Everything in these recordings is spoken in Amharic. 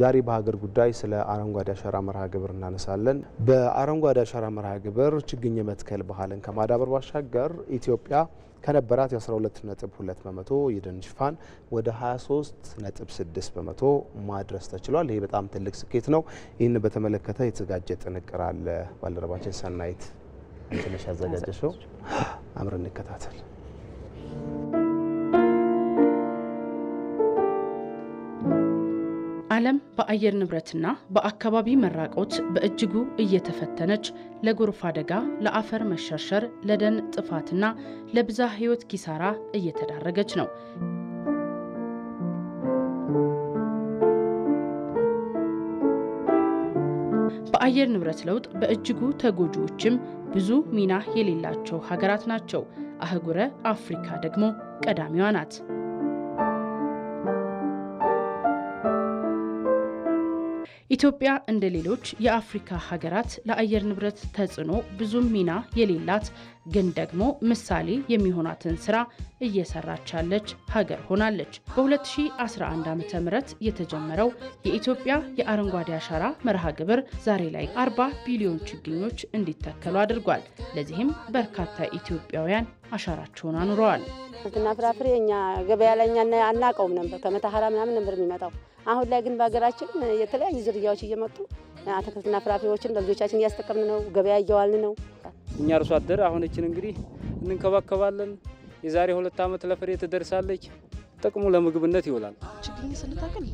ዛሬ በሀገር ጉዳይ ስለ አረንጓዴ አሻራ መርሃ ግብር እናነሳለን። በአረንጓዴ አሻራ መርሃ ግብር ችግኝ የመትከል ባህልን ከማዳበር ባሻገር ኢትዮጵያ ከነበራት የ12.2 በመቶ የደን ሽፋን ወደ 23.6 በመቶ ማድረስ ተችሏል። ይሄ በጣም ትልቅ ስኬት ነው። ይህን በተመለከተ የተዘጋጀ ጥንቅር አለ ባልደረባችን ሰናይት ትንሽ ያዘጋጀሽው። አምር እንከታተል። ዓለም በአየር ንብረትና በአካባቢ መራቆት በእጅጉ እየተፈተነች ለጎርፍ አደጋ፣ ለአፈር መሸርሸር፣ ለደን ጥፋትና ለብዝሃ ሕይወት ኪሳራ እየተዳረገች ነው። በአየር ንብረት ለውጥ በእጅጉ ተጎጂዎችም ብዙ ሚና የሌላቸው ሀገራት ናቸው። አህጉረ አፍሪካ ደግሞ ቀዳሚዋ ናት። ኢትዮጵያ እንደ ሌሎች የአፍሪካ ሀገራት ለአየር ንብረት ተጽዕኖ ብዙም ሚና የሌላት ግን ደግሞ ምሳሌ የሚሆናትን ስራ እየሰራች ያለች ሀገር ሆናለች። በ2011 ዓ ም የተጀመረው የኢትዮጵያ የአረንጓዴ አሻራ መርሃ ግብር ዛሬ ላይ 40 ቢሊዮን ችግኞች እንዲተከሉ አድርጓል። ለዚህም በርካታ ኢትዮጵያውያን አሻራቸውን አኑረዋል። አትክልትና ፍራፍሬ እኛ ገበያ ላይ እኛ አናቀውም ነበር፣ ከመታሀራ ምናምን ነበር የሚመጣው። አሁን ላይ ግን በሀገራችን የተለያዩ ዝርያዎች እየመጡ አትክልትና ፍራፍሬዎችን ለልጆቻችን እያስጠቀምን ነው፣ ገበያ እየዋልን ነው። እኛ አርሶ አደር አሁንችን እንግዲህ እንንከባከባለን። የዛሬ ሁለት ዓመት ለፍሬ ትደርሳለች። ጥቅሙ ለምግብነት ይውላል። ችግኝ ስንተክል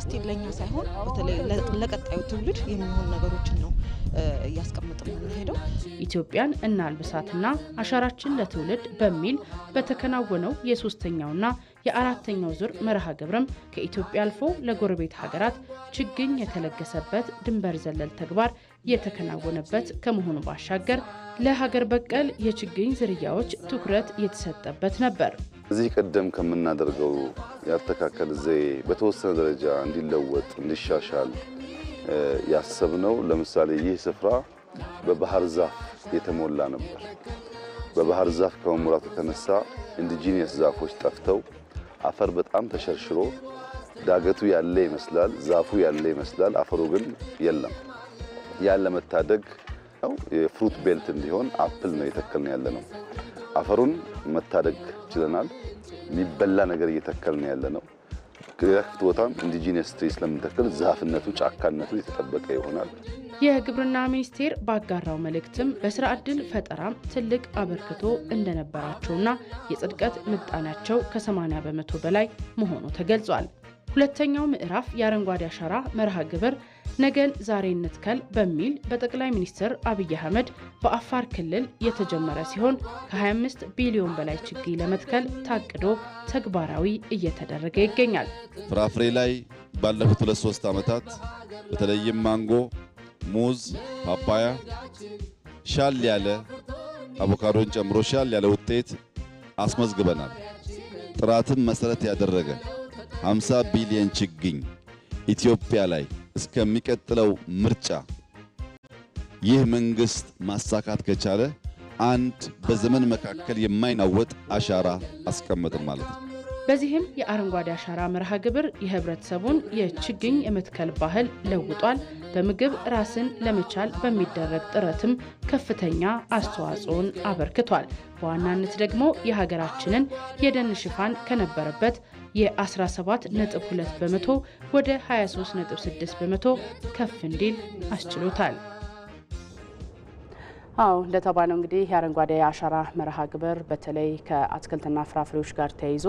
እስቲል ለኛ ሳይሆን በተለይ ለቀጣዩ ትውልድ የሚሆን ነገሮችን ነው እያስቀመጥን የምንሄደው። ኢትዮጵያን እናልብሳትና አሻራችን ለትውልድ በሚል በተከናወነው የሶስተኛውና የአራተኛው ዙር መርሃ ግብርም ከኢትዮጵያ አልፎ ለጎረቤት ሀገራት ችግኝ የተለገሰበት ድንበር ዘለል ተግባር የተከናወነበት ከመሆኑ ባሻገር ለሀገር በቀል የችግኝ ዝርያዎች ትኩረት የተሰጠበት ነበር። እዚህ ቀደም ከምናደርገው ያተካከል ዘዬ በተወሰነ ደረጃ እንዲለወጥ እንዲሻሻል ያሰብነው ለምሳሌ ይህ ስፍራ በባህር ዛፍ የተሞላ ነበር። በባህር ዛፍ ከመሙላት የተነሳ ኢንዲጂኒየስ ዛፎች ጠፍተው አፈር በጣም ተሸርሽሮ ዳገቱ ያለ ይመስላል፣ ዛፉ ያለ ይመስላል፣ አፈሩ ግን የለም። ያን ለመታደግ ነው። የፍሩት ቤልት እንዲሆን አፕል ነው የተከልን ያለ ነው። አፈሩን መታደግ ችለናል። የሚበላ ነገር እየተከልን ያለ ነው። ክፍት ቦታም ኢንዲጂነስ ትሪ ስለምንተክል ዛፍነቱ ጫካነቱ የተጠበቀ ይሆናል። የግብርና ሚኒስቴር ባጋራው መልእክትም በስራ ዕድል ፈጠራም ትልቅ አበርክቶ እንደነበራቸውና የጽድቀት ምጣኔያቸው ከ80 በመቶ በላይ መሆኑ ተገልጿል። ሁለተኛው ምዕራፍ የአረንጓዴ አሻራ መርሃ ግብር ነገን ዛሬ እንትከል በሚል በጠቅላይ ሚኒስትር አብይ አህመድ በአፋር ክልል የተጀመረ ሲሆን ከ25 ቢሊዮን በላይ ችግኝ ለመትከል ታቅዶ ተግባራዊ እየተደረገ ይገኛል። ፍራፍሬ ላይ ባለፉት ሁለት ሶስት ዓመታት በተለይም ማንጎ፣ ሙዝ፣ ፓፓያ ሻል ያለ አቮካዶን ጨምሮ ሻል ያለ ውጤት አስመዝግበናል። ጥራትን መሰረት ያደረገ 50 ቢሊዮን ችግኝ ኢትዮጵያ ላይ እስከሚቀጥለው ምርጫ ይህ መንግስት ማሳካት ከቻለ አንድ በዘመን መካከል የማይናወጥ አሻራ አስቀምጥም ማለት ነው። በዚህም የአረንጓዴ አሻራ መርሃ ግብር የህብረተሰቡን የችግኝ የመትከል ባህል ለውጧል። በምግብ ራስን ለመቻል በሚደረግ ጥረትም ከፍተኛ አስተዋጽኦን አበርክቷል። በዋናነት ደግሞ የሀገራችንን የደን ሽፋን ከነበረበት የ17.2 በመቶ ወደ 23.6 በመቶ ከፍ እንዲል አስችሎታል። አዎ እንደተባለው እንግዲህ የአረንጓዴ አሻራ መርሃ ግብር በተለይ ከአትክልትና ፍራፍሬዎች ጋር ተያይዞ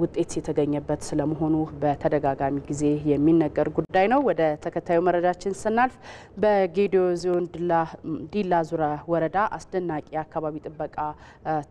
ውጤት የተገኘበት ስለመሆኑ በተደጋጋሚ ጊዜ የሚነገር ጉዳይ ነው። ወደ ተከታዩ መረጃችን ስናልፍ በጌዲዮ ዞን ዲላ ዙሪያ ወረዳ አስደናቂ የአካባቢ ጥበቃ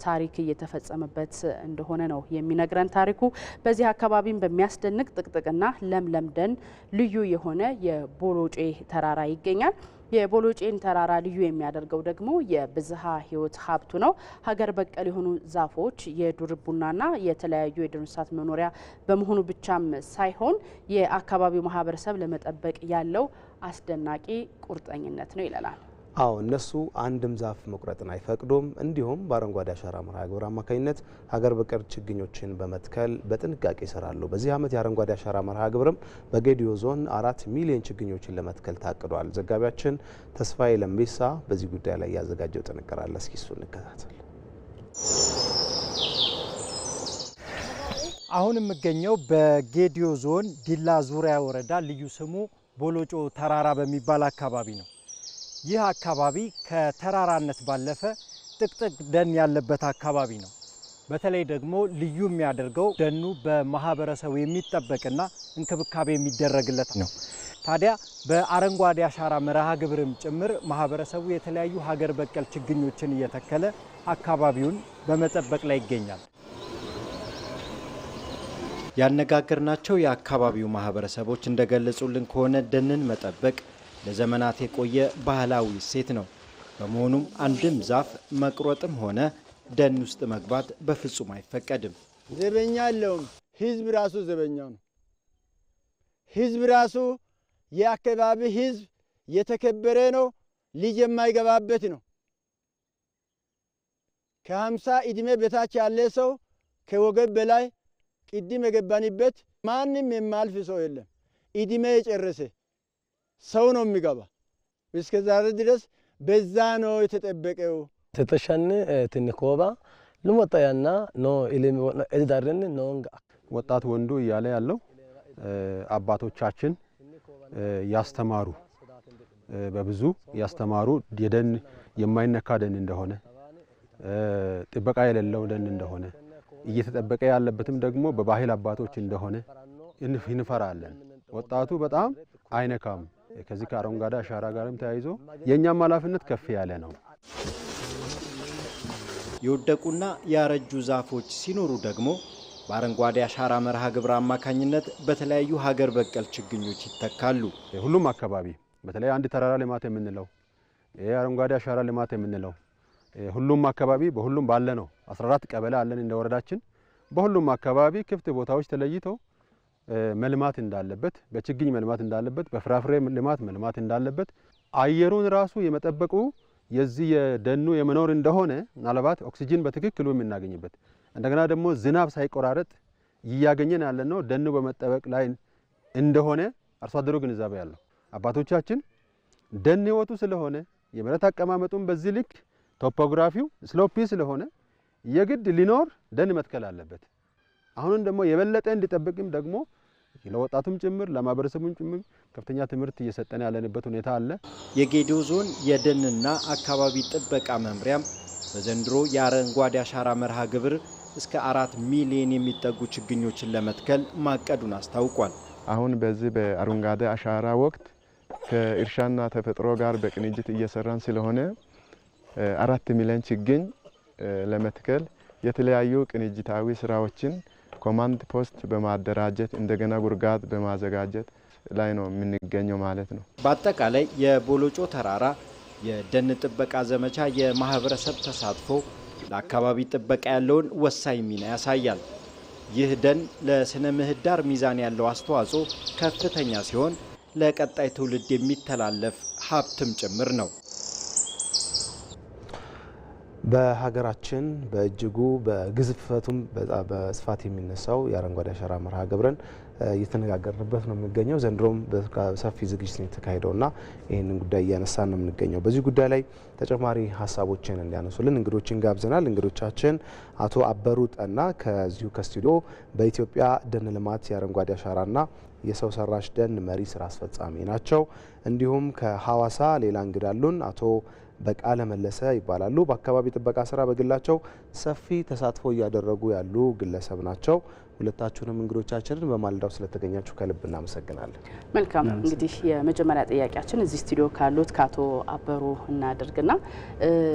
ታሪክ እየተፈጸመበት እንደሆነ ነው የሚነግረን ታሪኩ። በዚህ አካባቢም በሚያስደንቅ ጥቅጥቅና ለምለም ደን ልዩ የሆነ የቦሎጬ ተራራ ይገኛል። የቦሎጬን ተራራ ልዩ የሚያደርገው ደግሞ የብዝሃ ህይወት ሀብቱ ነው። ሀገር በቀል የሆኑ ዛፎች የዱር ቡናና የተለያዩ የዱር እንስሳት መኖሪያ በመሆኑ ብቻም ሳይሆን የአካባቢው ማህበረሰብ ለመጠበቅ ያለው አስደናቂ ቁርጠኝነት ነው ይለናል። አዎ እነሱ አንድም ዛፍ መቁረጥን አይፈቅዱም። እንዲሁም በአረንጓዴ አሻራ መርሃ ግብር አማካኝነት ሀገር በቀል ችግኞችን በመትከል በጥንቃቄ ይሰራሉ። በዚህ ዓመት የአረንጓዴ አሻራ መርሃ ግብርም በጌዲዮ ዞን አራት ሚሊዮን ችግኞችን ለመትከል ታቅዷል። ዘጋቢያችን ተስፋዬ ለምቢሳ በዚህ ጉዳይ ላይ ያዘጋጀው ጥንቅር አለ። እስኪ እሱ እንከታተል። አሁን የምገኘው በጌዲዮ ዞን ዲላ ዙሪያ ወረዳ ልዩ ስሙ ቦሎጮ ተራራ በሚባል አካባቢ ነው። ይህ አካባቢ ከተራራነት ባለፈ ጥቅጥቅ ደን ያለበት አካባቢ ነው። በተለይ ደግሞ ልዩ የሚያደርገው ደኑ በማህበረሰቡ የሚጠበቅና እንክብካቤ የሚደረግለት ነው። ታዲያ በአረንጓዴ አሻራ መርሃ ግብርም ጭምር ማህበረሰቡ የተለያዩ ሀገር በቀል ችግኞችን እየተከለ አካባቢውን በመጠበቅ ላይ ይገኛል። ያነጋገርናቸው የአካባቢው ማህበረሰቦች እንደገለጹልን ከሆነ ደንን መጠበቅ ለዘመናት የቆየ ባህላዊ እሴት ነው። በመሆኑም አንድም ዛፍ መቁረጥም ሆነ ደን ውስጥ መግባት በፍጹም አይፈቀድም። ዘበኛ አለውም። ህዝብ ራሱ ዘበኛው ነው። ህዝብ ራሱ የአካባቢ ህዝብ የተከበረ ነው። ልጅ የማይገባበት ነው። ከሀምሳ ኢድሜ በታች ያለ ሰው ከወገብ በላይ ቅድም የገባንበት ማንም የማልፍ ሰው የለም። ኢድሜ የጨረሰ ሰው ነው የሚገባ። እስከ ዛሬ ድረስ በዛ ነው የተጠበቀው። ተተሻን ትንኮባ ልሞጣያና ኖ እዳርን ነውንጋ ወጣት ወንዱ እያለ ያለው አባቶቻችን ያስተማሩ በብዙ ያስተማሩ የደን የማይነካ ደን እንደሆነ ጥበቃ የሌለው ደን እንደሆነ እየተጠበቀ ያለበትም ደግሞ በባህል አባቶች እንደሆነ እንፈራለን። ወጣቱ በጣም አይነካም። ከዚህ ከአረንጓዴ አሻራ ጋርም ተያይዞ የእኛም ኃላፊነት ከፍ ያለ ነው። የወደቁና ያረጁ ዛፎች ሲኖሩ ደግሞ በአረንጓዴ አሻራ መርሃ ግብር አማካኝነት በተለያዩ ሀገር በቀል ችግኞች ይተካሉ። ሁሉም አካባቢ በተለይ አንድ ተራራ ልማት የምንለው ይህ አረንጓዴ አሻራ ልማት የምንለው ሁሉም አካባቢ በሁሉም ባለ ነው 14 ቀበሌ አለን እንደ ወረዳችን በሁሉም አካባቢ ክፍት ቦታዎች ተለይተው መልማት እንዳለበት፣ በችግኝ መልማት እንዳለበት፣ በፍራፍሬ ልማት መልማት እንዳለበት አየሩን ራሱ የመጠበቁ የዚህ የደኑ የመኖር እንደሆነ ምናልባት ኦክሲጂን በትክክሉ የምናገኝበት እንደገና ደግሞ ዝናብ ሳይቆራረጥ እያገኘን ያለ ነው ደኑ በመጠበቅ ላይ እንደሆነ አርሶ አደሩ ግንዛቤ ያለው አባቶቻችን ደን ህይወቱ ስለሆነ የመሬት አቀማመጡን በዚህ ልክ ቶፖግራፊው ስሎፒ ስለሆነ የግድ ሊኖር ደን መትከል አለበት። አሁንም ደግሞ የበለጠ እንዲጠብቅም ደግሞ ለወጣቱም ጭምር ለማህበረሰቡም ጭምር ከፍተኛ ትምህርት እየሰጠን ያለንበት ሁኔታ አለ። የጌዴኦ ዞን የደንና አካባቢ ጥበቃ መምሪያም በዘንድሮ የአረንጓዴ አሻራ መርሃ ግብር እስከ አራት ሚሊዮን የሚጠጉ ችግኞችን ለመትከል ማቀዱን አስታውቋል። አሁን በዚህ በአረንጓዴ አሻራ ወቅት ከእርሻና ተፈጥሮ ጋር በቅንጅት እየሰራን ስለሆነ አራት ሚሊዮን ችግኝ ለመትከል የተለያዩ ቅንጅታዊ ስራዎችን ኮማንድ ፖስት በማደራጀት እንደገና ጉርጋት በማዘጋጀት ላይ ነው የምንገኘው ማለት ነው። በአጠቃላይ የቦሎጮ ተራራ የደን ጥበቃ ዘመቻ የማህበረሰብ ተሳትፎ ለአካባቢ ጥበቃ ያለውን ወሳኝ ሚና ያሳያል። ይህ ደን ለስነ ምህዳር ሚዛን ያለው አስተዋጽኦ ከፍተኛ ሲሆን ለቀጣይ ትውልድ የሚተላለፍ ሀብትም ጭምር ነው። በሀገራችን በእጅጉ በግዝፈቱም በስፋት የሚነሳው የአረንጓዴ አሻራ መርሃ ግብርን እየተነጋገርንበት ነው የምንገኘው። ዘንድሮም ሰፊ ዝግጅት የተካሄደው ና ይህንን ጉዳይ እያነሳ ነው የምንገኘው። በዚህ ጉዳይ ላይ ተጨማሪ ሀሳቦችን እንዲያነሱልን እንግዶችን ጋብዘናል። እንግዶቻችን አቶ አበሩ ጠና ከዚሁ ከስቱዲዮ በኢትዮጵያ ደን ልማት የአረንጓዴ አሻራና የሰው ሰራሽ ደን መሪ ስራ አስፈጻሚ ናቸው። እንዲሁም ከሀዋሳ ሌላ እንግዳሉን አቶ በቃለ መለሰ ይባላሉ። በአካባቢ ጥበቃ ስራ በግላቸው ሰፊ ተሳትፎ እያደረጉ ያሉ ግለሰብ ናቸው። ሁለታችሁንም እንግዶቻችንን በማለዳው ስለተገኛችሁ ከልብ እናመሰግናለን። መልካም እንግዲህ የመጀመሪያ ጥያቄያችን እዚህ ስቱዲዮ ካሉት ከአቶ አበሩ እናደርግና።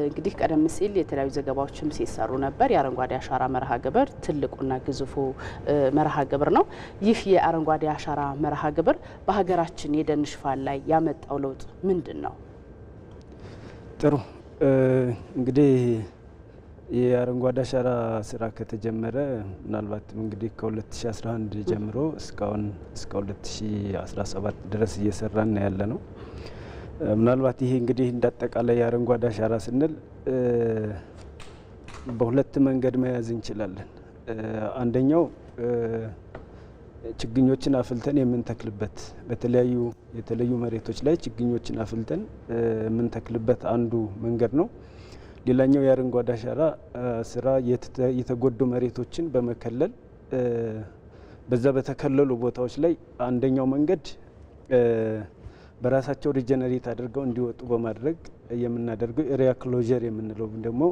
እንግዲህ ቀደም ሲል የተለያዩ ዘገባዎችም ሲሰሩ ነበር። የአረንጓዴ አሻራ መርሃ ግብር ትልቁና ግዙፉ መርሃ ግብር ነው። ይህ የአረንጓዴ አሻራ መርሃ ግብር በሀገራችን የደን ሽፋን ላይ ያመጣው ለውጥ ምንድን ነው? ጥሩ እንግዲህ የአረንጓዴ አሻራ ስራ ከተጀመረ ምናልባትም እንግዲህ ከ2011 ጀምሮ እስካሁን እስከ 2017 ድረስ እየሰራን ያለ ነው። ምናልባት ይሄ እንግዲህ እንዳጠቃላይ የአረንጓዴ አሻራ ስንል በሁለት መንገድ መያዝ እንችላለን። አንደኛው ችግኞችን አፍልተን የምንተክልበት በተለያዩ የተለዩ መሬቶች ላይ ችግኞችን አፍልተን የምንተክልበት አንዱ መንገድ ነው። ሌላኛው የአረንጓዴ አሻራ ስራ የተጎዱ መሬቶችን በመከለል በዛ በተከለሉ ቦታዎች ላይ አንደኛው መንገድ በራሳቸው ሪጀነሬት አድርገው እንዲወጡ በማድረግ የምናደርገው ኤሪያ ክሎዥር የምንለው ደግሞ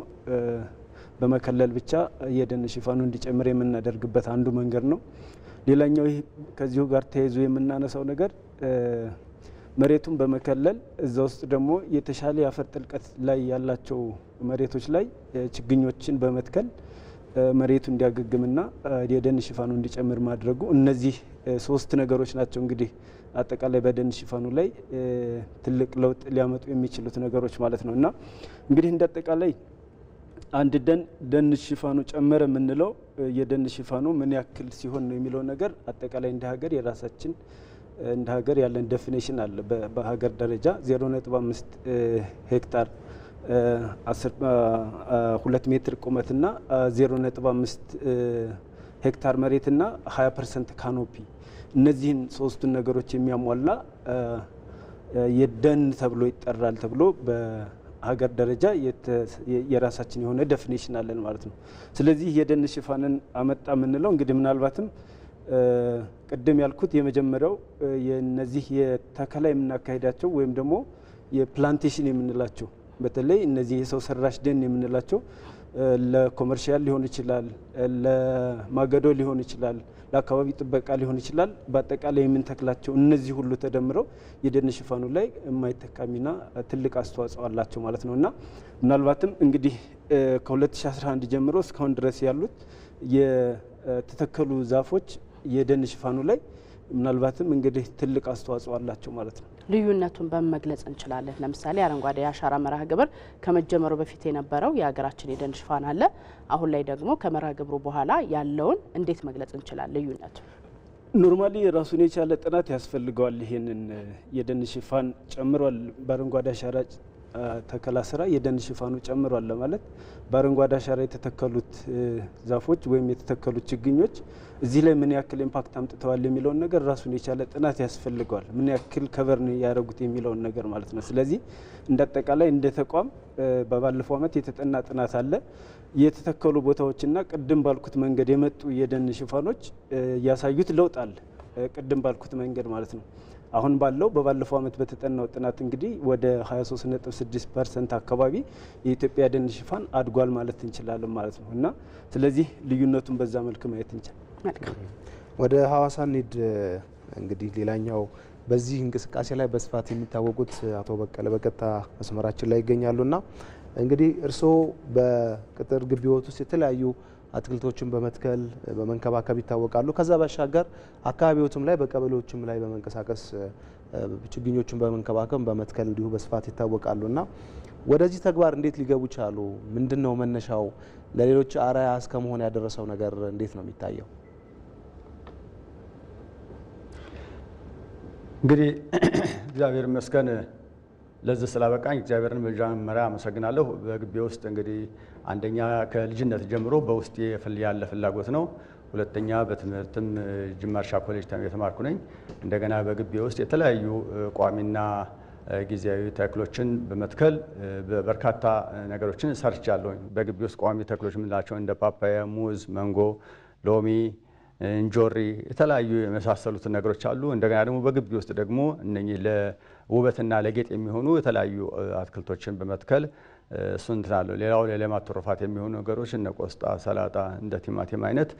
በመከለል ብቻ የደን ሽፋኑ እንዲጨምር የምናደርግበት አንዱ መንገድ ነው። ሌላኛው ይህ ከዚሁ ጋር ተያይዞ የምናነሳው ነገር መሬቱን በመከለል እዛ ውስጥ ደግሞ የተሻለ የአፈር ጥልቀት ላይ ያላቸው መሬቶች ላይ ችግኞችን በመትከል መሬቱ እንዲያገግምና የደን ሽፋኑ እንዲጨምር ማድረጉ እነዚህ ሶስት ነገሮች ናቸው እንግዲህ አጠቃላይ በደን ሽፋኑ ላይ ትልቅ ለውጥ ሊያመጡ የሚችሉት ነገሮች ማለት ነው እና እንግዲህ እንደ አጠቃላይ አንድ ደን ደን ሽፋኑ ጨመረ የምንለው የደን ሽፋኑ ምን ያክል ሲሆን ነው የሚለው ነገር አጠቃላይ እንደ ሀገር የራሳችን እንደ ሀገር ያለን ዴፊኔሽን አለ። በሀገር ደረጃ 0.5 ሄክታር 2 ሜትር ቁመትና 0.5 ሄክታር መሬትና 20 ፐርሰንት ካኖፒ እነዚህን ሶስቱን ነገሮች የሚያሟላ የደን ተብሎ ይጠራል ተብሎ ሀገር ደረጃ የራሳችን የሆነ ደፊኔሽን አለን ማለት ነው። ስለዚህ የደን ሽፋንን አመጣ የምንለው እንግዲህ ምናልባትም ቅድም ያልኩት የመጀመሪያው የነዚህ የተከላ የምናካሄዳቸው ወይም ደግሞ የፕላንቴሽን የምንላቸው በተለይ እነዚህ የሰው ሰራሽ ደን የምንላቸው ለኮመርሻል ሊሆን ይችላል፣ ለማገዶ ሊሆን ይችላል ለአካባቢ ጥበቃ ሊሆን ይችላል። በአጠቃላይ የምንተክላቸው እነዚህ ሁሉ ተደምረው የደን ሽፋኑ ላይ የማይተካ ሚና ትልቅ አስተዋጽኦ አላቸው ማለት ነው እና ምናልባትም እንግዲህ ከ2011 ጀምሮ እስካሁን ድረስ ያሉት የተተከሉ ዛፎች የደን ሽፋኑ ላይ ምናልባትም እንግዲህ ትልቅ አስተዋጽኦ አላቸው ማለት ነው። ልዩነቱን በመግለጽ እንችላለን። ለምሳሌ አረንጓዴ የአሻራ መርሃ ግብር ከመጀመሩ በፊት የነበረው የሀገራችን የደን ሽፋን አለ። አሁን ላይ ደግሞ ከመርሃ ግብሩ በኋላ ያለውን እንዴት መግለጽ እንችላለን ልዩነቱ? ኖርማሊ ራሱን የቻለ ጥናት ያስፈልገዋል። ይሄንን የደን ሽፋን ጨምሯል በአረንጓዴ አሻራ ተከላ ስራ የደን ሽፋኑ ጨምሯል ለማለት በአረንጓዴ አሻራ የተተከሉት ዛፎች ወይም የተተከሉት ችግኞች እዚህ ላይ ምን ያክል ኢምፓክት አምጥተዋል የሚለውን ነገር ራሱን የቻለ ጥናት ያስፈልገዋል። ምን ያክል ከቨር ያደረጉት የሚለውን ነገር ማለት ነው። ስለዚህ እንደ አጠቃላይ እንደ ተቋም በባለፈው ዓመት የተጠና ጥናት አለ። የተተከሉ ቦታዎችና ቅድም ባልኩት መንገድ የመጡ የደን ሽፋኖች ያሳዩት ለውጥ አለ። ቅድም ባልኩት መንገድ ማለት ነው። አሁን ባለው በባለፈው ዓመት በተጠናው ጥናት እንግዲህ ወደ 23.6 ፐርሰንት አካባቢ የኢትዮጵያ ደን ሽፋን አድጓል ማለት እንችላለን ማለት ነው እና ስለዚህ ልዩነቱን በዛ መልክ ማየት እንችላለን። ወደ ሀዋሳ እንሂድ። እንግዲህ ሌላኛው በዚህ እንቅስቃሴ ላይ በስፋት የሚታወቁት አቶ በቀለ በቀጥታ መስመራችን ላይ ይገኛሉና እንግዲህ እርስዎ በቅጥር ግቢዎት ውስጥ የተለያዩ አትክልቶችን በመትከል በመንከባከብ ይታወቃሉ። ከዛ ባሻገር አካባቢዎችም ላይ በቀበሌዎችም ላይ በመንቀሳቀስ ችግኞቹን በመንከባከብ በመትከል እንዲሁ በስፋት ይታወቃሉ እና ወደዚህ ተግባር እንዴት ሊገቡ ቻሉ? ምንድን ነው መነሻው? ለሌሎች አርአያ እስከ መሆን ያደረሰው ነገር እንዴት ነው የሚታየው? እንግዲህ እግዚአብሔር ይመስገን ለዚህ ስላበቃኝ እግዚአብሔርን መጀመሪያ አመሰግናለሁ። በግቢ ውስጥ እንግዲህ አንደኛ ከልጅነት ጀምሮ በውስጥ ያለ ፍላጎት ነው። ሁለተኛ በትምህርትም ጅማርሻ ኮሌጅ የተማርኩ ነኝ። እንደገና በግቢ ውስጥ የተለያዩ ቋሚና ጊዜያዊ ተክሎችን በመትከል በርካታ ነገሮችን ሰርቻለሁኝ። በግቢ ውስጥ ቋሚ ተክሎች የምንላቸው እንደ ፓፓያ፣ ሙዝ፣ መንጎ፣ ሎሚ፣ እንጆሪ የተለያዩ የመሳሰሉት ነገሮች አሉ። እንደገና ደግሞ በግቢ ውስጥ ደግሞ እነኚህ ለውበትና ለጌጥ የሚሆኑ የተለያዩ አትክልቶችን በመትከል እሱን ሌላው ለሌማት ትሩፋት የሚሆኑ ነገሮች እነ ቆስጣ፣ ሰላጣ፣ እንደ ቲማቲም አይነት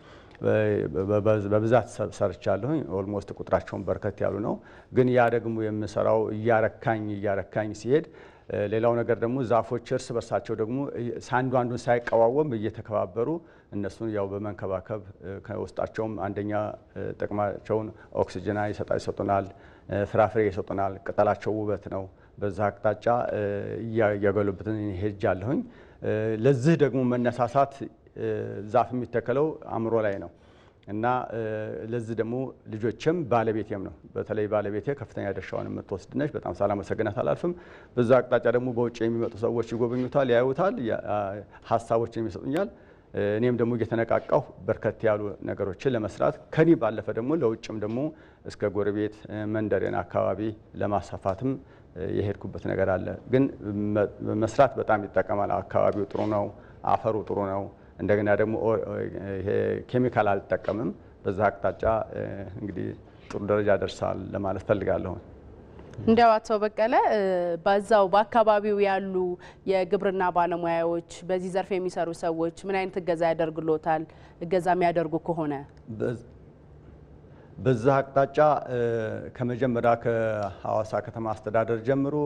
በብዛት ሰርቻለሁ። ኦልሞስት ቁጥራቸውን በርከት ያሉ ነው። ግን ያ ደግሞ የምሰራው እያረካኝ እያረካኝ ሲሄድ ሌላው ነገር ደግሞ ዛፎች እርስ በርሳቸው ደግሞ ሳንዱ አንዱን ሳይቀዋወም እየተከባበሩ እነሱን ያው በመንከባከብ ከውስጣቸውም አንደኛ ጥቅማቸውን ኦክሲጅና ይሰጡናል፣ ፍራፍሬ ይሰጡናል። ቅጠላቸው ውበት ነው። በዛ አቅጣጫ እያገሉበትን ሄጅ አለሁኝ። ለዚህ ደግሞ መነሳሳት ዛፍ የሚተከለው አእምሮ ላይ ነው እና ለዚህ ደግሞ ልጆችም ባለቤቴም ነው። በተለይ ባለቤቴ ከፍተኛ ድርሻውን የምትወስድነች በጣም ሳላመሰግናት አላልፍም። በዛ አቅጣጫ ደግሞ በውጭ የሚመጡ ሰዎች ይጎበኙታል፣ ያዩታል፣ ሀሳቦችን ይሰጡኛል። እኔም ደግሞ እየተነቃቃሁ በርከት ያሉ ነገሮችን ለመስራት ከኔ ባለፈ ደግሞ ለውጭም ደግሞ እስከ ጎረቤት መንደሬን አካባቢ ለማስፋፋትም የሄድኩበት ነገር አለ። ግን መስራት በጣም ይጠቀማል። አካባቢው ጥሩ ነው፣ አፈሩ ጥሩ ነው። እንደገና ደግሞ ኬሚካል አልጠቀምም። በዛ አቅጣጫ እንግዲህ ጥሩ ደረጃ ደርሳል ለማለት ፈልጋለሁ። እንዲያው አቶ በቀለ በዛው በአካባቢው ያሉ የግብርና ባለሙያዎች በዚህ ዘርፍ የሚሰሩ ሰዎች ምን አይነት እገዛ ያደርግሎታል? እገዛ የሚያደርጉ ከሆነ በዛ አቅጣጫ ከመጀመሪያ ከሐዋሳ ከተማ አስተዳደር ጀምሮ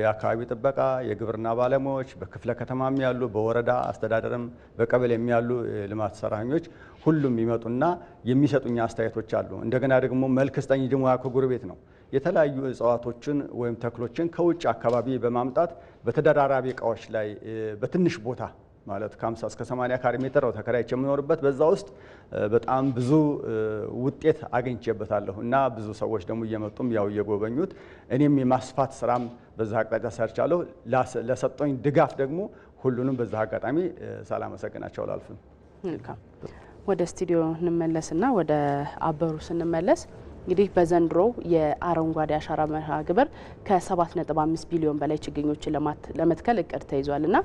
የአካባቢ ጥበቃ፣ የግብርና ባለሙያዎች፣ በክፍለ ከተማም ያሉ፣ በወረዳ አስተዳደርም በቀበሌም የሚያሉ ልማት ሰራኞች ሁሉም ይመጡና የሚሰጡኝ አስተያየቶች አሉ። እንደገና ደግሞ መልክ ስጠኝ ድሙያ ከጎረቤት ነው። የተለያዩ እጽዋቶችን ወይም ተክሎችን ከውጭ አካባቢ በማምጣት በተደራራቢ እቃዎች ላይ በትንሽ ቦታ ማለት ከ50 እስከ 80 ካሬ ሜትር ነው ተከራይቼ የምኖርበት። በዛ ውስጥ በጣም ብዙ ውጤት አግኝቼበታለሁ እና ብዙ ሰዎች ደግሞ እየመጡም ያው እየጎበኙት እኔም የማስፋት ስራም በዛ አቅጣጫ ሰርቻለሁ። ለሰጠኝ ድጋፍ ደግሞ ሁሉንም በዛ አጋጣሚ ሳላመሰግናቸው አላልፍም። ወደ ስቱዲዮ እንመለስና ወደ አበሩ ስንመለስ እንግዲህ በዘንድሮ የአረንጓዴ አሻራ መርሃ ግብር ከ7.5 ቢሊዮን በላይ ችግኞችን ለመትከል እቅድ ተይዟል እና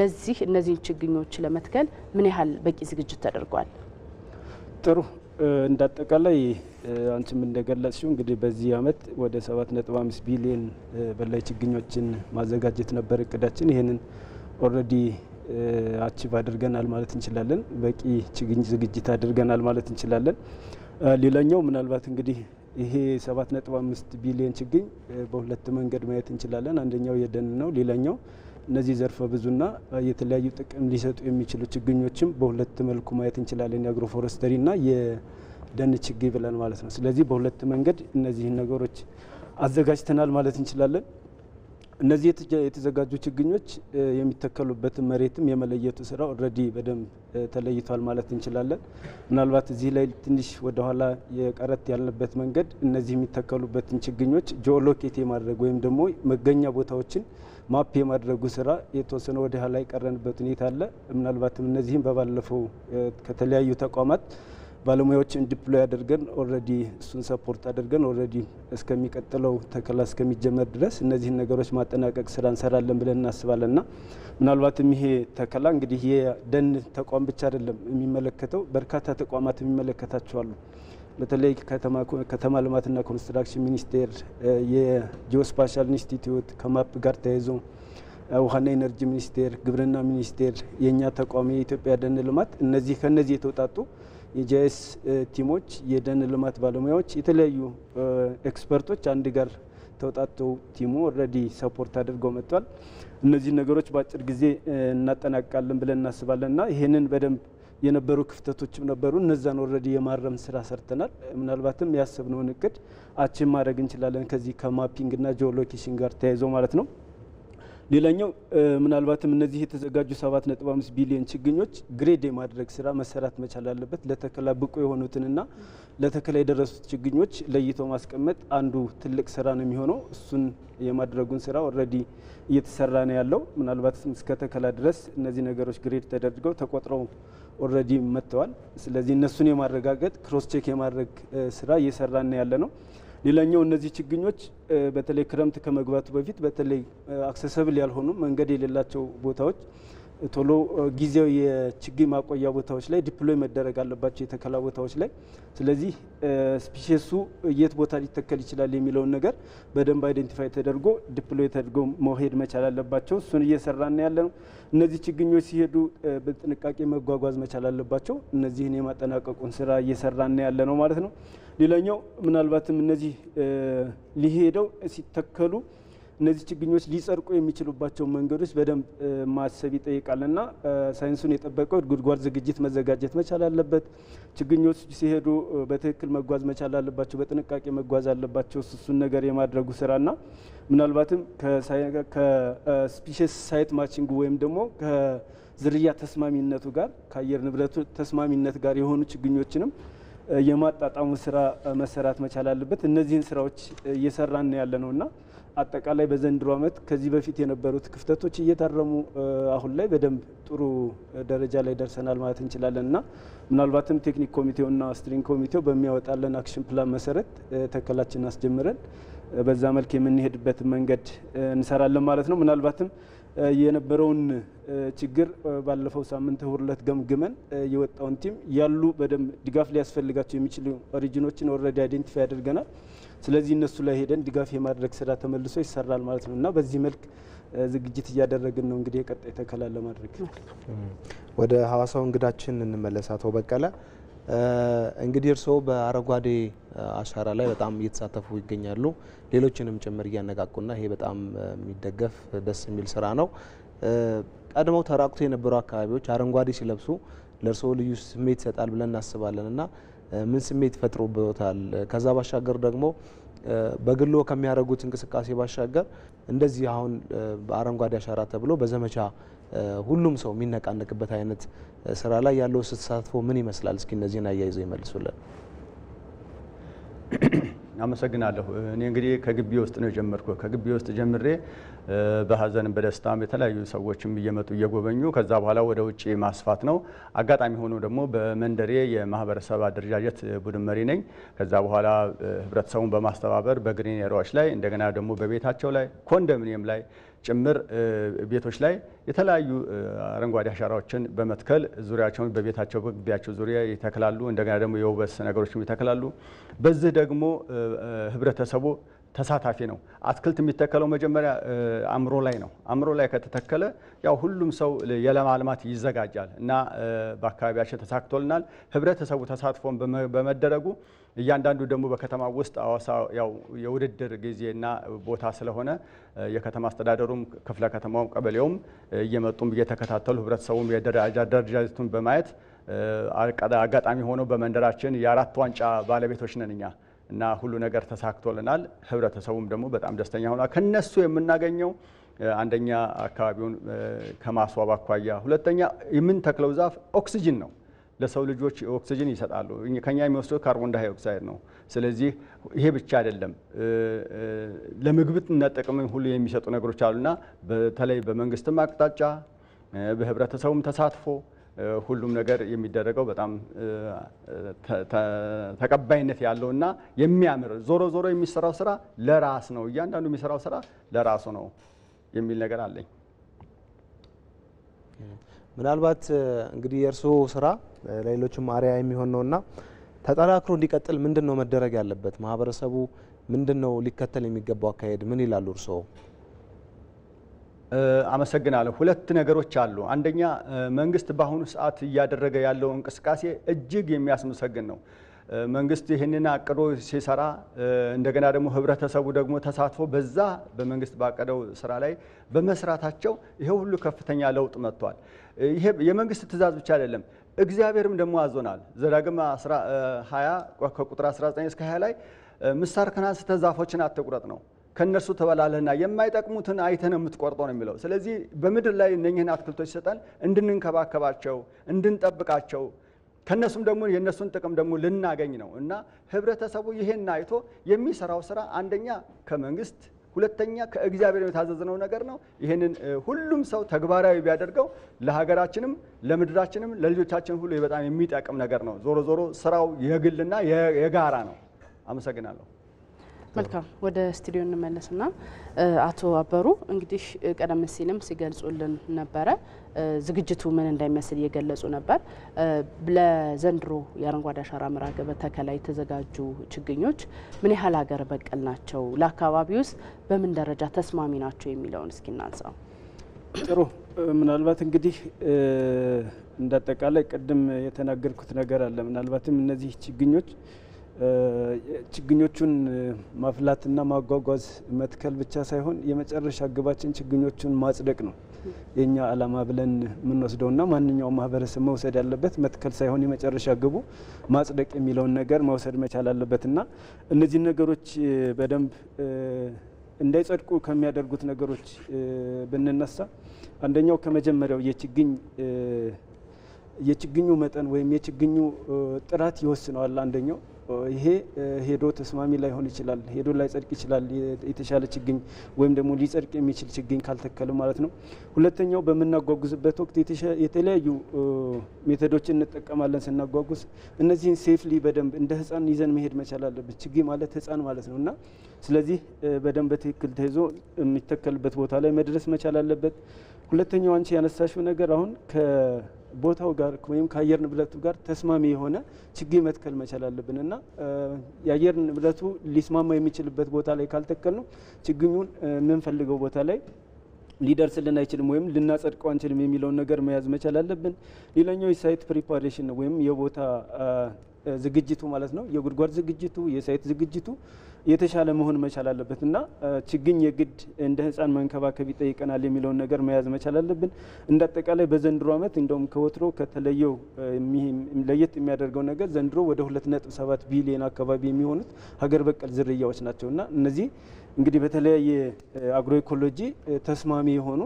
ለዚህ እነዚህን ችግኞች ለመትከል ምን ያህል በቂ ዝግጅት ተደርጓል? ጥሩ። እንዳጠቃላይ አንቺም እንደገለጽሽው እንግዲህ በዚህ አመት ወደ 7.5 ቢሊዮን በላይ ችግኞችን ማዘጋጀት ነበር እቅዳችን። ይህንን ኦልሬዲ አቺቭ አድርገናል ማለት እንችላለን። በቂ ችግኝ ዝግጅት አድርገናል ማለት እንችላለን። ሌላኛው ምናልባት እንግዲህ ይሄ 7.5 ቢሊዮን ችግኝ በሁለት መንገድ ማየት እንችላለን። አንደኛው የደን ነው። ሌላኛው እነዚህ ዘርፈ ብዙና የተለያዩ ጥቅም ሊሰጡ የሚችሉ ችግኞችም በሁለት መልኩ ማየት እንችላለን፣ የአግሮ ፎረስተሪና የደን ችግኝ ብለን ማለት ነው። ስለዚህ በሁለት መንገድ እነዚህን ነገሮች አዘጋጅተናል ማለት እንችላለን። እነዚህ የተዘጋጁ ችግኞች የሚተከሉበትን መሬትም የመለየቱ ስራ ኦልሬዲ በደንብ ተለይቷል ማለት እንችላለን። ምናልባት እዚህ ላይ ትንሽ ወደኋላ የቀረት ያለበት መንገድ እነዚህ የሚተከሉበትን ችግኞች ጂኦሎኬት የማድረግ ወይም ደግሞ መገኛ ቦታዎችን ማፕ የማድረጉ ስራ የተወሰነ ወደኋላ የቀረንበት ሁኔታ አለ። ምናልባትም እነዚህም በባለፈው ከተለያዩ ተቋማት ባለሙያዎችን ዲፕሎይ አድርገን ኦልሬዲ እሱን ሰፖርት አድርገን ኦልሬዲ እስከሚቀጥለው ተከላ እስከሚጀመር ድረስ እነዚህን ነገሮች ማጠናቀቅ ስራ እንሰራለን ብለን እናስባለን ና ምናልባትም ይሄ ተከላ እንግዲህ የደን ተቋም ብቻ አይደለም የሚመለከተው በርካታ ተቋማት የሚመለከታቸዋሉ። በተለይ ከተማ ልማትና ኮንስትራክሽን ሚኒስቴር፣ የጂኦስፓሻል ኢንስቲትዩት ከማፕ ጋር ተያይዞ ውሃና ኢነርጂ ሚኒስቴር፣ ግብርና ሚኒስቴር፣ የእኛ ተቋም የኢትዮጵያ ደን ልማት እነዚህ ከእነዚህ የተውጣጡ የጂአይኤስ ቲሞች፣ የደን ልማት ባለሙያዎች፣ የተለያዩ ኤክስፐርቶች አንድ ጋር ተውጣጥተው ቲሙ ኦልሬዲ ሰፖርት አድርገው መጥቷል። እነዚህ ነገሮች በአጭር ጊዜ እናጠናቃለን ብለን እናስባለን እና ይህንን በደንብ የነበሩ ክፍተቶችም ነበሩ። እነዛን ኦልሬዲ የማረም ስራ ሰርተናል። ምናልባትም ያሰብነውን እቅድ አችን ማድረግ እንችላለን ከዚህ ከማፒንግ እና ጂኦሎኬሽን ጋር ተያይዞ ማለት ነው። ሌላኛው ምናልባትም እነዚህ የተዘጋጁ 7.5 ቢሊዮን ችግኞች ግሬድ የማድረግ ስራ መሰራት መቻል አለበት። ለተከላ ብቁ የሆኑትንና ለተከላ የደረሱት ችግኞች ለይቶ ማስቀመጥ አንዱ ትልቅ ስራ ነው የሚሆነው። እሱን የማድረጉን ስራ ኦልሬዲ እየተሰራ ነው ያለው። ምናልባትም እስከ ተከላ ድረስ እነዚህ ነገሮች ግሬድ ተደርገው ተቆጥረው ኦልሬዲ መጥተዋል። ስለዚህ እነሱን የማረጋገጥ ክሮስ ቼክ የማድረግ ስራ እየሰራ ያለ ነው። ሌላኛው እነዚህ ችግኞች በተለይ ክረምት ከመግባቱ በፊት በተለይ አክሰሰብል ያልሆኑ መንገድ የሌላቸው ቦታዎች ቶሎ ጊዜያዊ የችግኝ ማቆያ ቦታዎች ላይ ዲፕሎይ መደረግ አለባቸው የተከላ ቦታዎች ላይ። ስለዚህ ስፒሼሱ የት ቦታ ሊተከል ይችላል የሚለውን ነገር በደንብ አይደንቲፋይ ተደርጎ ዲፕሎይ ተደርጎ መሄድ መቻል አለባቸው። እሱን እየሰራን ያለ ነው። እነዚህ ችግኞች ሲሄዱ በጥንቃቄ መጓጓዝ መቻል አለባቸው። እነዚህን የማጠናቀቁን ስራ እየሰራን ያለ ነው ማለት ነው። ሌላኛው ምናልባትም እነዚህ ሊሄደው ሲተከሉ እነዚህ ችግኞች ሊጸድቁ የሚችሉባቸው መንገዶች በደንብ ማሰብ ይጠይቃልና ሳይንሱን የጠበቀው ጉድጓድ ዝግጅት መዘጋጀት መቻል አለበት። ችግኞች ሲሄዱ በትክክል መጓዝ መቻል አለባቸው፣ በጥንቃቄ መጓዝ አለባቸው። እሱን ነገር የማድረጉ ና ምናልባትም ከስፒሽስ ሳይት ማቺንግ ወይም ደግሞ ከዝርያ ተስማሚነቱ ጋር ከአየር ንብረቱ ተስማሚነት ጋር የሆኑ ችግኞችንም የማጣጣሙ ስራ መሰራት መቻል አለበት። እነዚህን ስራዎች እየሰራን ያለ እና አጠቃላይ በዘንድሮ ዓመት ከዚህ በፊት የነበሩት ክፍተቶች እየታረሙ አሁን ላይ በደንብ ጥሩ ደረጃ ላይ ደርሰናል ማለት እንችላለን እና ምናልባትም ቴክኒክ ኮሚቴውና ስትሪንግ ኮሚቴው በሚያወጣለን አክሽን ፕላን መሰረት ተከላችን አስጀምረን በዛ መልክ የምንሄድበት መንገድ እንሰራለን ማለት ነው። ምናልባትም የነበረውን ችግር ባለፈው ሳምንት እሁድ ዕለት ገምግመን የወጣውን ቲም ያሉ በደንብ ድጋፍ ሊያስፈልጋቸው የሚችሉ ኦሪጂኖችን ኦልሬዲ አይዴንቲፋይ አድርገናል። ስለዚህ እነሱ ላይ ሄደን ድጋፍ የማድረግ ስራ ተመልሶ ይሰራል ማለት ነው እና በዚህ መልክ ዝግጅት እያደረግን ነው። እንግዲህ የቀጣይ ተከላ ለማድረግ ወደ ሀዋሳው እንግዳችን እንመለስ። አቶ በቀለ እንግዲህ እርስዎ በአረንጓዴ አሻራ ላይ በጣም እየተሳተፉ ይገኛሉ። ሌሎችንም ጭምር እያነቃቁና ይሄ በጣም የሚደገፍ ደስ የሚል ስራ ነው። ቀድመው ተራቁቶ የነበሩ አካባቢዎች አረንጓዴ ሲለብሱ ለእርስዎ ልዩ ስሜት ይሰጣል ብለን እናስባለን እና ምን ስሜት ፈጥሮብዎታል? ከዛ ባሻገር ደግሞ በግሎ ከሚያደርጉት እንቅስቃሴ ባሻገር እንደዚህ አሁን በአረንጓዴ አሻራ ተብሎ በዘመቻ ሁሉም ሰው የሚነቃነቅበት አይነት ስራ ላይ ያለው ስትሳትፎ ምን ይመስላል? እስኪ እነዚህን አያይዘው ይመልሱልን። አመሰግናለሁ። እኔ እንግዲህ ከግቢ ውስጥ ነው የጀመርኩ። ከግቢ ውስጥ ጀምሬ በሀዘንም በደስታም የተለያዩ ሰዎችም እየመጡ እየጎበኙ ከዛ በኋላ ወደ ውጭ ማስፋት ነው። አጋጣሚ ሆኖ ደግሞ በመንደሬ የማህበረሰብ አደረጃጀት ቡድን መሪ ነኝ። ከዛ በኋላ ህብረተሰቡን በማስተባበር በግሪን ኤሪያዎች ላይ እንደገና ደግሞ በቤታቸው ላይ ኮንዶሚኒየም ላይ ጭምር ቤቶች ላይ የተለያዩ አረንጓዴ አሻራዎችን በመትከል ዙሪያቸውን በቤታቸው በግቢያቸው ዙሪያ ይተክላሉ። እንደገና ደግሞ የውበት ነገሮችም ይተክላሉ። በዚህ ደግሞ ህብረተሰቡ ተሳታፊ ነው። አትክልት የሚተከለው መጀመሪያ አእምሮ ላይ ነው። አእምሮ ላይ ከተተከለ ያው ሁሉም ሰው የለማልማት ይዘጋጃል እና በአካባቢያችን ተሳክቶልናል። ህብረተሰቡ ተሳትፎን በመደረጉ እያንዳንዱ ደግሞ በከተማ ውስጥ አዋሳ ያው የውድድር ጊዜና ቦታ ስለሆነ የከተማ አስተዳደሩም ክፍለ ከተማውም ቀበሌውም እየመጡም እየተከታተሉ ህብረተሰቡም የደረጃ ደረጃቱን በማየት አጋጣሚ ሆኖ በመንደራችን የአራት ዋንጫ ባለቤቶች ነን እኛ እና ሁሉ ነገር ተሳክቶልናል። ህብረተሰቡም ደግሞ በጣም ደስተኛ ሆኗል። ከነሱ የምናገኘው አንደኛ አካባቢውን ከማስዋብ አኳያ፣ ሁለተኛ የምንተክለው ዛፍ ኦክሲጅን ነው። ለሰው ልጆች ኦክሲጅን ይሰጣሉ። ከኛ የሚወስዱት ካርቦን ዳሃይኦክሳይድ ነው። ስለዚህ ይሄ ብቻ አይደለም፣ ለምግብነት ጥቅም ሁሉ የሚሰጡ ነገሮች አሉና በተለይ በመንግስትም አቅጣጫ በህብረተሰቡም ተሳትፎ ሁሉም ነገር የሚደረገው በጣም ተቀባይነት ያለው እና የሚያምር ዞሮ ዞሮ የሚሰራው ስራ ለራስ ነው፣ እያንዳንዱ የሚሰራው ስራ ለራሱ ነው የሚል ነገር አለኝ። ምናልባት እንግዲህ የእርስዎ ስራ ለሌሎችም አርያ የሚሆን ነው እና ተጠናክሮ እንዲቀጥል ምንድን ነው መደረግ ያለበት? ማህበረሰቡ ምንድን ነው ሊከተል የሚገባው አካሄድ? ምን ይላሉ እርስዎ? አመሰግናለሁ። ሁለት ነገሮች አሉ። አንደኛ መንግስት በአሁኑ ሰዓት እያደረገ ያለው እንቅስቃሴ እጅግ የሚያስመሰግን ነው። መንግስት ይህንን አቅዶ ሲሰራ እንደገና ደግሞ ህብረተሰቡ ደግሞ ተሳትፎ በዛ በመንግስት ባቀደው ስራ ላይ በመስራታቸው ይሄ ሁሉ ከፍተኛ ለውጥ መጥቷል። ይሄ የመንግስት ትእዛዝ ብቻ አይደለም፣ እግዚአብሔርም ደግሞ አዞናል። ዘዳግም 20 ከቁጥር 19 እስከ 20 ላይ ምሳር ከናንስተ ዛፎችን አትቁረጥ ነው ከነሱ ተበላለህና የማይጠቅሙትን አይተን የምትቆርጠው ነው የሚለው። ስለዚህ በምድር ላይ እነኝህን አትክልቶች ሰጠን እንድንንከባከባቸው፣ እንድንጠብቃቸው ከእነሱም ደግሞ የእነሱን ጥቅም ደግሞ ልናገኝ ነው እና ህብረተሰቡ ይሄን አይቶ የሚሰራው ስራ አንደኛ ከመንግስት ሁለተኛ ከእግዚአብሔር የታዘዝነው ነገር ነው። ይህንን ሁሉም ሰው ተግባራዊ ቢያደርገው ለሀገራችንም ለምድራችንም ለልጆቻችን ሁሉ በጣም የሚጠቅም ነገር ነው። ዞሮ ዞሮ ስራው የግልና የጋራ ነው። አመሰግናለሁ። መልካም ወደ ስቱዲዮ እንመለስና አቶ አበሩ እንግዲህ ቀደም ሲልም ሲገልጹልን ነበረ ዝግጅቱ ምን እንዳይመስል እየገለጹ ነበር። ለዘንድሮ የአረንጓዴ አሻራ መርሃ ግብር ተከላ የተዘጋጁ ችግኞች ምን ያህል ሀገር በቀል ናቸው፣ ለአካባቢ ውስጥ በምን ደረጃ ተስማሚ ናቸው የሚለውን እስኪ እናንሳው። ጥሩ ምናልባት እንግዲህ እንዳጠቃላይ ቅድም የተናገርኩት ነገር አለ። ምናልባትም እነዚህ ችግኞች ችግኞቹን ማፍላትና ማጓጓዝ መትከል ብቻ ሳይሆን የመጨረሻ ግባችን ችግኞቹን ማጽደቅ ነው የእኛ አላማ ብለን የምንወስደውና ማንኛውም ማህበረሰብ መውሰድ ያለበት መትከል ሳይሆን የመጨረሻ ግቡ ማጽደቅ የሚለውን ነገር መውሰድ መቻል አለበትና እነዚህን ነገሮች በደንብ እንዳይጸድቁ ከሚያደርጉት ነገሮች ብንነሳ አንደኛው ከመጀመሪያው የችግኝ የችግኙ መጠን ወይም የችግኙ ጥራት ይወስነዋል አንደኛው ይሄ ሄዶ ተስማሚ ላይሆን ይችላል፣ ሄዶ ላይጸድቅ ይችላል። የተሻለ ችግኝ ወይም ደግሞ ሊጸድቅ የሚችል ችግኝ ካልተከለ ማለት ነው። ሁለተኛው በምናጓጉዝበት ወቅት የተለያዩ ሜቶዶችን እንጠቀማለን ስናጓጉዝ። እነዚህን ሴፍሊ በደንብ እንደ ህፃን ይዘን መሄድ መቻል አለበት ችግኝ ማለት ህፃን ማለት ነው እና ስለዚህ በደንብ በትክክል ተይዞ የሚተከልበት ቦታ ላይ መድረስ መቻል አለበት። ሁለተኛው አንቺ ያነሳሽው ነገር አሁን ቦታው ጋር ወይም ከአየር ንብረቱ ጋር ተስማሚ የሆነ ችግኝ መትከል መቻል አለብን እና የአየር ንብረቱ ሊስማማ የሚችልበት ቦታ ላይ ካልተከልነው ችግኙን የምንፈልገው ቦታ ላይ ሊደርስልን አይችልም ወይም ልናጸድቀው አንችልም የሚለውን ነገር መያዝ መቻል አለብን። ሌላኛው የሳይት ፕሪፓሬሽን ወይም የቦታ ዝግጅቱ ማለት ነው። የጉድጓድ ዝግጅቱ፣ የሳይት ዝግጅቱ የተሻለ መሆን መቻል አለበት እና ችግኝ የግድ እንደ ህፃን መንከባከብ ይጠይቀናል የሚለውን ነገር መያዝ መቻል አለብን። እንደ አጠቃላይ በዘንድሮ ዓመት እንደውም ከወትሮ ከተለየው ለየት የሚያደርገው ነገር ዘንድሮ ወደ 2.7 ቢሊዮን አካባቢ የሚሆኑት ሀገር በቀል ዝርያዎች ናቸው እና እነዚህ እንግዲህ በተለያየ አግሮ ኢኮሎጂ ተስማሚ የሆኑ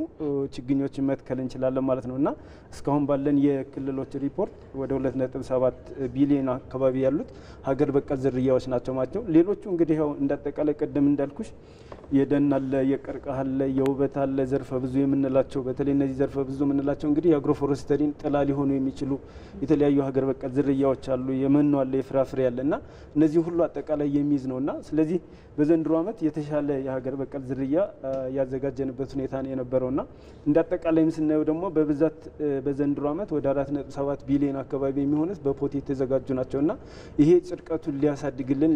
ችግኞችን መትከል እንችላለን ማለት ነው እና እስካሁን ባለን የክልሎች ሪፖርት ወደ 2.7 ቢሊዮን አካባቢ ያሉት ሀገር በቀል ዝርያዎች ናቸው ማለት ሌሎቹ እንግዲህ ያው እንዳጠቃላይ ቅድም እንዳልኩሽ የደን አለ፣ የቀርከሃ አለ፣ የውበት አለ፣ ዘርፈ ብዙ የምንላቸው በተለይ እነዚህ ዘርፈ ብዙ የምንላቸው እንግዲህ የአግሮ ጥላ ሊሆኑ የሚችሉ የተለያዩ ሀገር በቀል ዝርያዎች አሉ። የመኖ አለ፣ የፍራፍሬ አለ እና እነዚህ ሁሉ አጠቃላይ የሚይዝ ነው እና ስለዚህ በዘንድሮ ዓመት የተሻለ የሀገር በቀል ዝርያ ያዘጋጀንበት ሁኔታ ነው የነበረውና እንደ አጠቃላይም ስናየው ደግሞ በብዛት በዘንድሮ ዓመት ወደ ሰባት ቢሊዮን አካባቢ የሚሆኑት በፖት የተዘጋጁ ናቸውና ይሄ ጭርቀቱን ሊያሳድግልን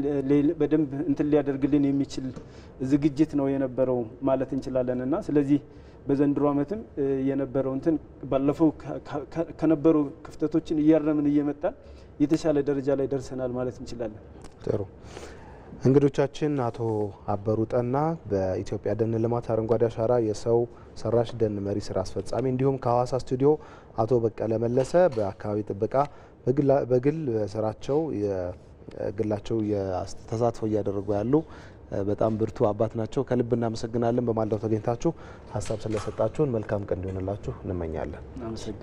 በደንብ እንትን ሊያደርግልን የሚችል ዝግጅት ነው የነበረው ማለት እንችላለን እና ስለዚህ በዘንድሮ ዓመትም የነበረው እንትን ባለፈው ከነበሩ ክፍተቶችን እያረምን እየመጣን የተሻለ ደረጃ ላይ ደርሰናል ማለት እንችላለን። ጥሩ እንግዶቻችን አቶ አበሩ ጠና በኢትዮጵያ ደን ልማት አረንጓዴ አሻራ የሰው ሰራሽ ደን መሪ ስራ አስፈጻሚ፣ እንዲሁም ከሀዋሳ ስቱዲዮ አቶ በቀለ መለሰ በአካባቢ ጥበቃ በግል ስራቸው ግላቸው ተሳትፎ እያደረጉ ያሉ በጣም ብርቱ አባት ናቸው። ከልብ እናመሰግናለን። በማለዳው ተገኝታችሁ ሀሳብ ስለሰጣችሁን መልካም ቀን እንዲሆንላችሁ እንመኛለን።